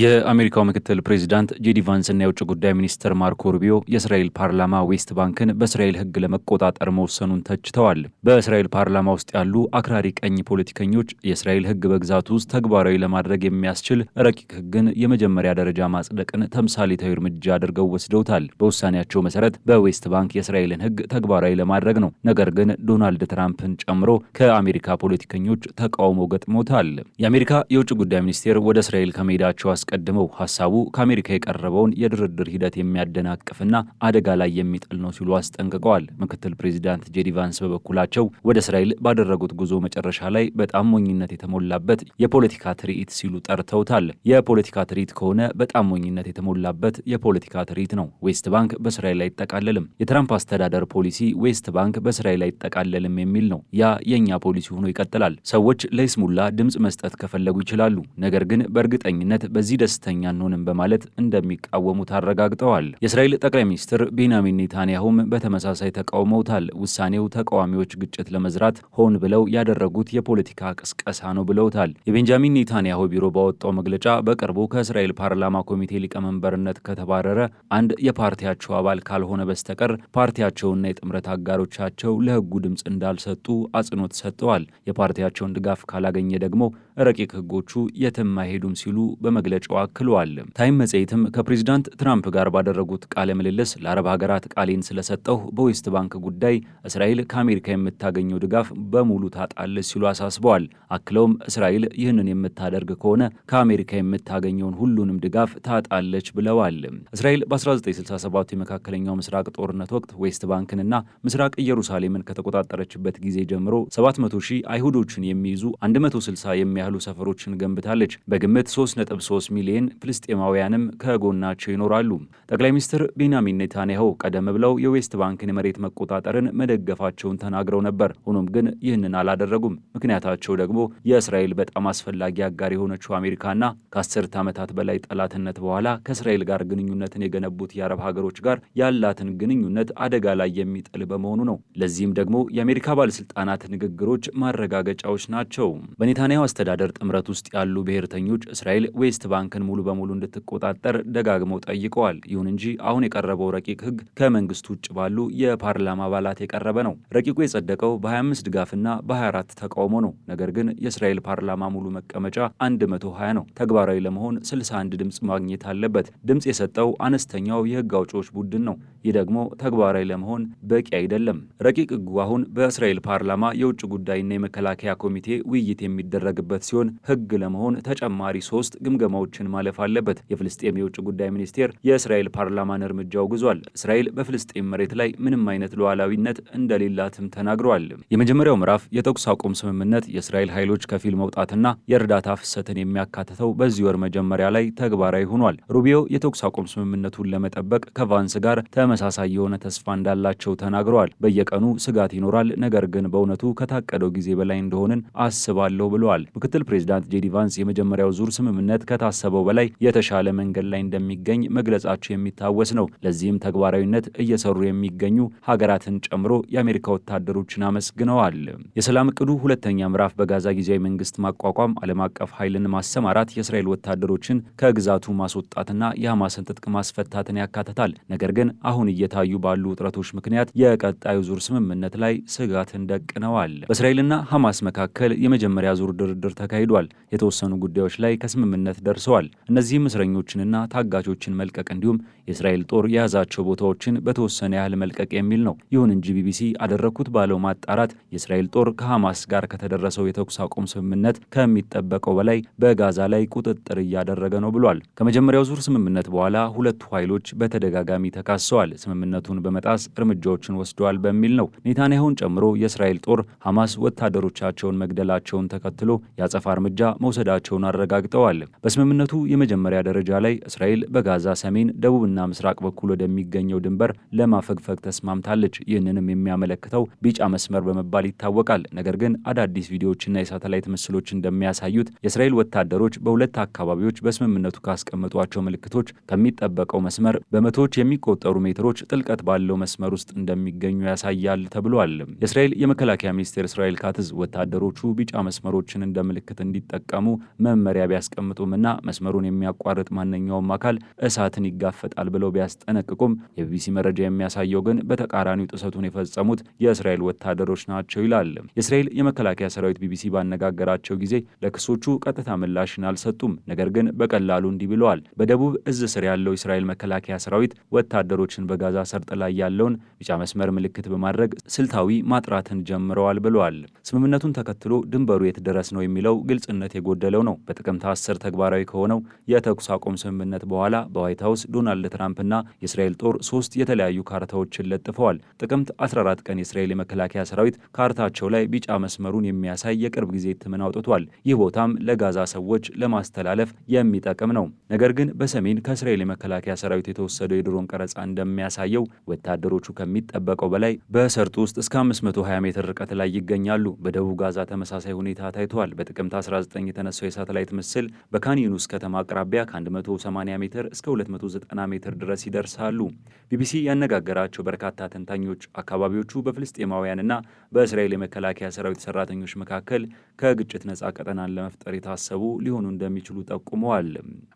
የአሜሪካው ምክትል ፕሬዚዳንት ጄዲ እና የውጭ ጉዳይ ሚኒስትር ማርኮ ሩቢዮ የእስራኤል ፓርላማ ዌስት ባንክን በእስራኤል ሕግ ለመቆጣጠር መወሰኑን ተችተዋል። በእስራኤል ፓርላማ ውስጥ ያሉ አክራሪ ቀኝ ፖለቲከኞች የእስራኤል ሕግ በግዛቱ ውስጥ ተግባራዊ ለማድረግ የሚያስችል ረቂቅ ሕግን የመጀመሪያ ደረጃ ማጽደቅን ተምሳሌታዊ እርምጃ አድርገው ወስደውታል። በውሳኔያቸው መሰረት በዌስት ባንክ የእስራኤልን ሕግ ተግባራዊ ለማድረግ ነው። ነገር ግን ዶናልድ ትራምፕን ጨምሮ ከአሜሪካ ፖለቲከኞች ተቃውሞ ገጥሞታል። የአሜሪካ የውጭ ጉዳይ ሚኒስቴር ወደ እስራኤል ከመሄዳቸው አስቀድመው ሀሳቡ ከአሜሪካ የቀረበውን የድርድር ሂደት የሚያደናቅፍና አደጋ ላይ የሚጥል ነው ሲሉ አስጠንቅቀዋል። ምክትል ፕሬዚዳንት ጄዲ ቫንስ በበኩላቸው ወደ እስራኤል ባደረጉት ጉዞ መጨረሻ ላይ በጣም ሞኝነት የተሞላበት የፖለቲካ ትርኢት ሲሉ ጠርተውታል። የፖለቲካ ትርኢት ከሆነ በጣም ሞኝነት የተሞላበት የፖለቲካ ትርኢት ነው። ዌስት ባንክ በእስራኤል አይጠቃለልም። የትራምፕ አስተዳደር ፖሊሲ ዌስት ባንክ በእስራኤል አይጠቃለልም የሚል ነው። ያ የእኛ ፖሊሲ ሆኖ ይቀጥላል። ሰዎች ለይስሙላ ድምፅ መስጠት ከፈለጉ ይችላሉ። ነገር ግን በእርግጠኝነት በዚህ በዚህ ደስተኛ አንሆንም በማለት እንደሚቃወሙት አረጋግጠዋል። የእስራኤል ጠቅላይ ሚኒስትር ቤንያሚን ኔታንያሁም በተመሳሳይ ተቃውመውታል። ውሳኔው ተቃዋሚዎች ግጭት ለመዝራት ሆን ብለው ያደረጉት የፖለቲካ ቅስቀሳ ነው ብለውታል። የቤንጃሚን ኔታንያሁ ቢሮ ባወጣው መግለጫ በቅርቡ ከእስራኤል ፓርላማ ኮሚቴ ሊቀመንበርነት ከተባረረ አንድ የፓርቲያቸው አባል ካልሆነ በስተቀር ፓርቲያቸውና የጥምረት አጋሮቻቸው ለሕጉ ድምፅ እንዳልሰጡ አጽንኦት ሰጥተዋል። የፓርቲያቸውን ድጋፍ ካላገኘ ደግሞ ረቂቅ ህጎቹ የትም አይሄዱም ሲሉ በመግለጫው አክለዋል። ታይም መጽሔትም ከፕሬዚዳንት ትራምፕ ጋር ባደረጉት ቃለ ምልልስ ለአረብ ሀገራት ቃሌን ስለሰጠሁ በዌስት ባንክ ጉዳይ እስራኤል ከአሜሪካ የምታገኘው ድጋፍ በሙሉ ታጣለች ሲሉ አሳስበዋል። አክለውም እስራኤል ይህንን የምታደርግ ከሆነ ከአሜሪካ የምታገኘውን ሁሉንም ድጋፍ ታጣለች ብለዋል። እስራኤል በ1967 የመካከለኛው ምስራቅ ጦርነት ወቅት ዌስት ባንክንና ምስራቅ ኢየሩሳሌምን ከተቆጣጠረችበት ጊዜ ጀምሮ 700 ሺህ አይሁዶችን የሚይዙ 160 የሚያ ያህሉ ሰፈሮችን ገንብታለች። በግምት 3.3 ሚሊዮን ፍልስጤማውያንም ከጎናቸው ይኖራሉ። ጠቅላይ ሚኒስትር ቤንያሚን ኔታንያሁ ቀደም ብለው የዌስት ባንክን መሬት መቆጣጠርን መደገፋቸውን ተናግረው ነበር። ሆኖም ግን ይህንን አላደረጉም። ምክንያታቸው ደግሞ የእስራኤል በጣም አስፈላጊ አጋር የሆነችው አሜሪካና ከአስርተ ዓመታት በላይ ጠላትነት በኋላ ከእስራኤል ጋር ግንኙነትን የገነቡት የአረብ ሀገሮች ጋር ያላትን ግንኙነት አደጋ ላይ የሚጥል በመሆኑ ነው። ለዚህም ደግሞ የአሜሪካ ባለስልጣናት ንግግሮች ማረጋገጫዎች ናቸው። በኔታንያሁ አስተዳደ አስተዳደር ጥምረት ውስጥ ያሉ ብሔርተኞች እስራኤል ዌስት ባንክን ሙሉ በሙሉ እንድትቆጣጠር ደጋግመው ጠይቀዋል። ይሁን እንጂ አሁን የቀረበው ረቂቅ ሕግ ከመንግስት ውጭ ባሉ የፓርላማ አባላት የቀረበ ነው። ረቂቁ የጸደቀው በ25 ድጋፍና በ24 ተቃውሞ ነው። ነገር ግን የእስራኤል ፓርላማ ሙሉ መቀመጫ 120 ነው። ተግባራዊ ለመሆን 61 ድምፅ ማግኘት አለበት። ድምፅ የሰጠው አነስተኛው የህግ አውጪዎች ቡድን ነው። ይህ ደግሞ ተግባራዊ ለመሆን በቂ አይደለም። ረቂቅ ሕጉ አሁን በእስራኤል ፓርላማ የውጭ ጉዳይና የመከላከያ ኮሚቴ ውይይት የሚደረግበት ሲሆን ሕግ ለመሆን ተጨማሪ ሶስት ግምገማዎችን ማለፍ አለበት። የፍልስጤም የውጭ ጉዳይ ሚኒስቴር የእስራኤል ፓርላማን እርምጃ አውግዟል። እስራኤል በፍልስጤም መሬት ላይ ምንም አይነት ሉዓላዊነት እንደሌላትም ተናግረዋል። የመጀመሪያው ምዕራፍ የተኩስ አቁም ስምምነት የእስራኤል ኃይሎች ከፊል መውጣትና የእርዳታ ፍሰትን የሚያካትተው በዚህ ወር መጀመሪያ ላይ ተግባራዊ ሆኗል። ሩቢዮ የተኩስ አቁም ስምምነቱን ለመጠበቅ ከቫንስ ጋር ተመሳሳይ የሆነ ተስፋ እንዳላቸው ተናግረዋል። በየቀኑ ስጋት ይኖራል፣ ነገር ግን በእውነቱ ከታቀደው ጊዜ በላይ እንደሆንን አስባለሁ ብለዋል። ምክትል ፕሬዚዳንት ጄዲ ቫንስ የመጀመሪያው ዙር ስምምነት ከታሰበው በላይ የተሻለ መንገድ ላይ እንደሚገኝ መግለጻቸው የሚታወስ ነው። ለዚህም ተግባራዊነት እየሰሩ የሚገኙ ሀገራትን ጨምሮ የአሜሪካ ወታደሮችን አመስግነዋል። የሰላም እቅዱ ሁለተኛ ምዕራፍ በጋዛ ጊዜያዊ መንግስት ማቋቋም፣ ዓለም አቀፍ ኃይልን ማሰማራት፣ የእስራኤል ወታደሮችን ከግዛቱ ማስወጣትና የሐማስን ትጥቅ ማስፈታትን ያካትታል። ነገር ግን አሁን እየታዩ ባሉ ውጥረቶች ምክንያት የቀጣዩ ዙር ስምምነት ላይ ስጋትን ደቅነዋል። በእስራኤልና ሐማስ መካከል የመጀመሪያ ዙር ድርድር ተካሂዷል። የተወሰኑ ጉዳዮች ላይ ከስምምነት ደርሰዋል። እነዚህም እስረኞችንና ታጋቾችን መልቀቅ እንዲሁም የእስራኤል ጦር የያዛቸው ቦታዎችን በተወሰነ ያህል መልቀቅ የሚል ነው። ይሁን እንጂ ቢቢሲ አደረግኩት ባለው ማጣራት የእስራኤል ጦር ከሐማስ ጋር ከተደረሰው የተኩስ አቁም ስምምነት ከሚጠበቀው በላይ በጋዛ ላይ ቁጥጥር እያደረገ ነው ብሏል። ከመጀመሪያው ዙር ስምምነት በኋላ ሁለቱ ኃይሎች በተደጋጋሚ ተካሰዋል። ስምምነቱን በመጣስ እርምጃዎችን ወስደዋል በሚል ነው። ኔታንያሁን ጨምሮ የእስራኤል ጦር ሐማስ ወታደሮቻቸውን መግደላቸውን ተከትሎ የአጸፋ እርምጃ መውሰዳቸውን አረጋግጠዋል። በስምምነቱ የመጀመሪያ ደረጃ ላይ እስራኤል በጋዛ ሰሜን፣ ደቡብና ምስራቅ በኩል ወደሚገኘው ድንበር ለማፈግፈግ ተስማምታለች። ይህንንም የሚያመለክተው ቢጫ መስመር በመባል ይታወቃል። ነገር ግን አዳዲስ ቪዲዮዎችና የሳተላይት ምስሎች እንደሚያሳዩት የእስራኤል ወታደሮች በሁለት አካባቢዎች በስምምነቱ ካስቀመጧቸው ምልክቶች ከሚጠበቀው መስመር በመቶዎች የሚቆጠሩ ሜትሮች ጥልቀት ባለው መስመር ውስጥ እንደሚገኙ ያሳያል ተብሏል። የእስራኤል የመከላከያ ሚኒስቴር እስራኤል ካትዝ ወታደሮቹ ቢጫ መስመሮችን እንደምል ምልክት እንዲጠቀሙ መመሪያ ቢያስቀምጡምና መስመሩን የሚያቋርጥ ማንኛውም አካል እሳትን ይጋፈጣል ብለው ቢያስጠነቅቁም የቢቢሲ መረጃ የሚያሳየው ግን በተቃራኒው ጥሰቱን የፈጸሙት የእስራኤል ወታደሮች ናቸው ይላል። የእስራኤል የመከላከያ ሰራዊት ቢቢሲ ባነጋገራቸው ጊዜ ለክሶቹ ቀጥታ ምላሽን አልሰጡም። ነገር ግን በቀላሉ እንዲህ ብለዋል። በደቡብ እዝ ስር ያለው የእስራኤል መከላከያ ሰራዊት ወታደሮችን በጋዛ ሰርጥ ላይ ያለውን ቢጫ መስመር ምልክት በማድረግ ስልታዊ ማጥራትን ጀምረዋል ብለዋል። ስምምነቱን ተከትሎ ድንበሩ የት ድረስ ነው የሚለው የሚለው ግልጽነት የጎደለው ነው። በጥቅምት አስር ተግባራዊ ከሆነው የተኩስ አቁም ስምምነት በኋላ በዋይት ሀውስ ዶናልድ ትራምፕና የእስራኤል ጦር ሶስት የተለያዩ ካርታዎችን ለጥፈዋል። ጥቅምት 14 ቀን የእስራኤል የመከላከያ ሰራዊት ካርታቸው ላይ ቢጫ መስመሩን የሚያሳይ የቅርብ ጊዜ እትምን አውጥቷል። ይህ ቦታም ለጋዛ ሰዎች ለማስተላለፍ የሚጠቅም ነው። ነገር ግን በሰሜን ከእስራኤል የመከላከያ ሰራዊት የተወሰደው የድሮን ቀረጻ እንደሚያሳየው ወታደሮቹ ከሚጠበቀው በላይ በሰርጡ ውስጥ እስከ 520 ሜትር ርቀት ላይ ይገኛሉ። በደቡብ ጋዛ ተመሳሳይ ሁኔታ ታይቷል። ጥቅምት 19 የተነሳው የሳተላይት ምስል በካን ከተማ አቅራቢያ ከ180 ሜትር እስከ 290 ሜትር ድረስ ይደርሳሉ። ቢቢሲ ያነጋገራቸው በርካታ ተንታኞች አካባቢዎቹ በፍልስጤማውያንና በእስራኤል የመከላከያ ሰራዊት ሰራተኞች መካከል ከግጭት ነጻ ቀጠናን ለመፍጠር የታሰቡ ሊሆኑ እንደሚችሉ ጠቁመዋል።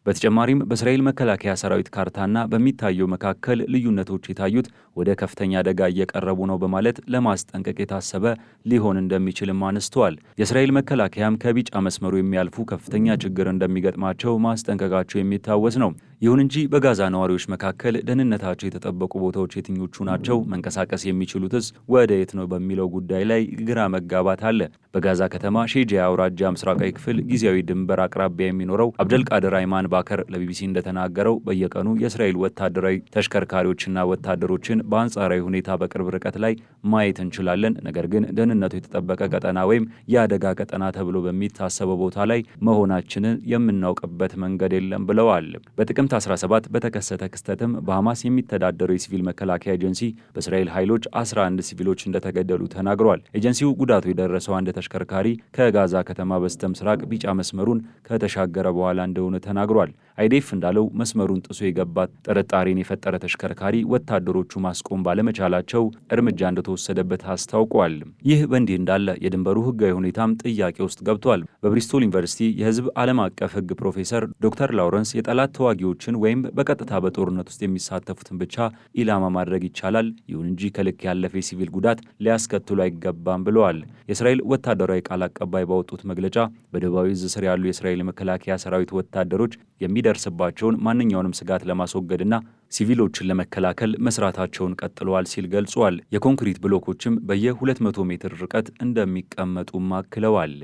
በተጨማሪም በእስራኤል መከላከያ ሰራዊት ካርታና በሚታየው መካከል ልዩነቶች የታዩት ወደ ከፍተኛ አደጋ እየቀረቡ ነው በማለት ለማስጠንቀቅ የታሰበ ሊሆን እንደሚችልም አንስተዋል። የእስራኤል መከላከያም ከ ከቢጫ መስመሩ የሚያልፉ ከፍተኛ ችግር እንደሚገጥማቸው ማስጠንቀቃቸው የሚታወስ ነው። ይሁን እንጂ በጋዛ ነዋሪዎች መካከል ደህንነታቸው የተጠበቁ ቦታዎች የትኞቹ ናቸው? መንቀሳቀስ የሚችሉትስ ወደ የት ነው? በሚለው ጉዳይ ላይ ግራ መጋባት አለ። በጋዛ ከተማ ሼጃ አውራጃ ምስራቃዊ ክፍል ጊዜያዊ ድንበር አቅራቢያ የሚኖረው አብደልቃድር አይማን ባከር ለቢቢሲ እንደተናገረው በየቀኑ የእስራኤል ወታደራዊ ተሽከርካሪዎችና ወታደሮችን በአንጻራዊ ሁኔታ በቅርብ ርቀት ላይ ማየት እንችላለን። ነገር ግን ደህንነቱ የተጠበቀ ቀጠና ወይም የአደጋ ቀጠና ተብሎ በሚ የሚታሰበው ቦታ ላይ መሆናችንን የምናውቅበት መንገድ የለም ብለዋል። በጥቅምት 17 በተከሰተ ክስተትም በሐማስ የሚተዳደረው የሲቪል መከላከያ ኤጀንሲ በእስራኤል ኃይሎች 11 ሲቪሎች እንደተገደሉ ተናግሯል። ኤጀንሲው ጉዳቱ የደረሰው አንድ ተሽከርካሪ ከጋዛ ከተማ በስተ ምስራቅ ቢጫ መስመሩን ከተሻገረ በኋላ እንደሆነ ተናግሯል። አይዴፍ እንዳለው መስመሩን ጥሶ የገባት ጥርጣሬን የፈጠረ ተሽከርካሪ ወታደሮቹ ማስቆም ባለመቻላቸው እርምጃ እንደተወሰደበት አስታውቋል። ይህ በእንዲህ እንዳለ የድንበሩ ህጋዊ ሁኔታም ጥያቄ ውስጥ ገብቷል። አመልክቷል። በብሪስቶል ዩኒቨርሲቲ የህዝብ ዓለም አቀፍ ህግ ፕሮፌሰር ዶክተር ላውረንስ የጠላት ተዋጊዎችን ወይም በቀጥታ በጦርነት ውስጥ የሚሳተፉትን ብቻ ኢላማ ማድረግ ይቻላል፣ ይሁን እንጂ ከልክ ያለፈ የሲቪል ጉዳት ሊያስከትሉ አይገባም ብለዋል። የእስራኤል ወታደራዊ ቃል አቀባይ ባወጡት መግለጫ በደቡባዊ እዝ ስር ያሉ የእስራኤል መከላከያ ሰራዊት ወታደሮች የሚደርስባቸውን ማንኛውንም ስጋት ለማስወገድና ሲቪሎችን ለመከላከል መስራታቸውን ቀጥለዋል ሲል ገልጿል። የኮንክሪት ብሎኮችም በየ200 ሜትር ርቀት እንደሚቀመጡም አክለዋል።